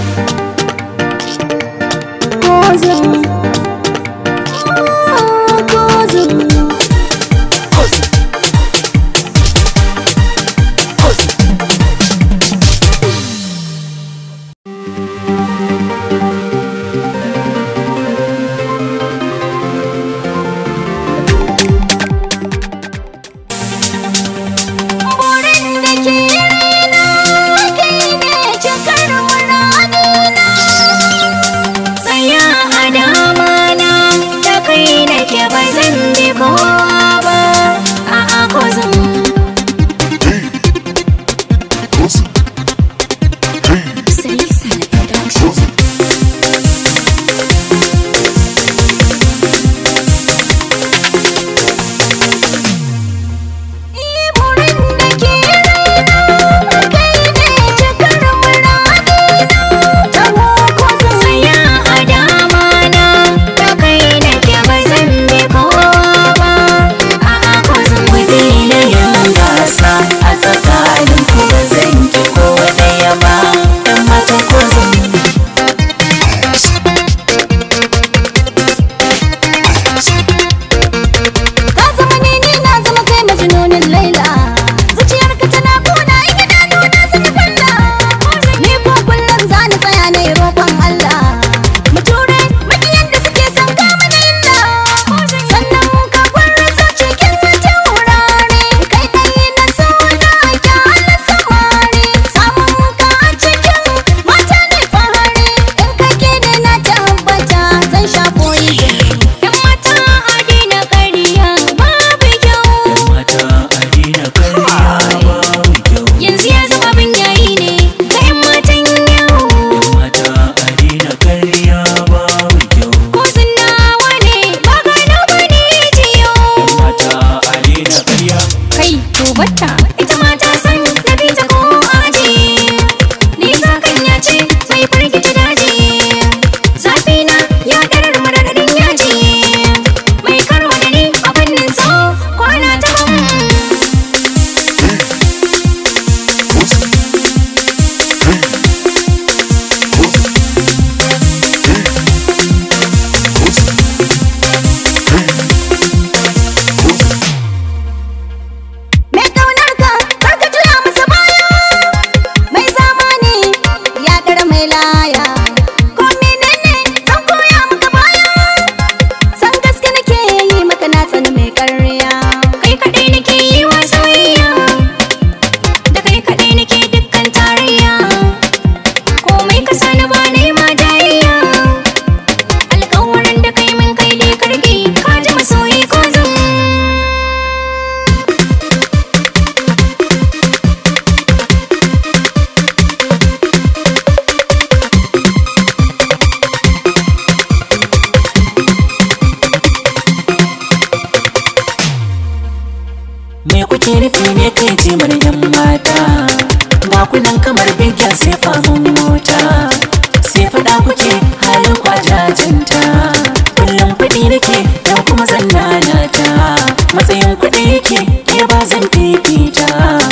Música kake nufi ne kai ce mana yan mata ba nan kamar bigyan sai famun mota sai faɗa kuke halin kwajajinta kullum kuɗi nake yau kuma zan ta, matsayin kuɗi yake ke ba zan fifita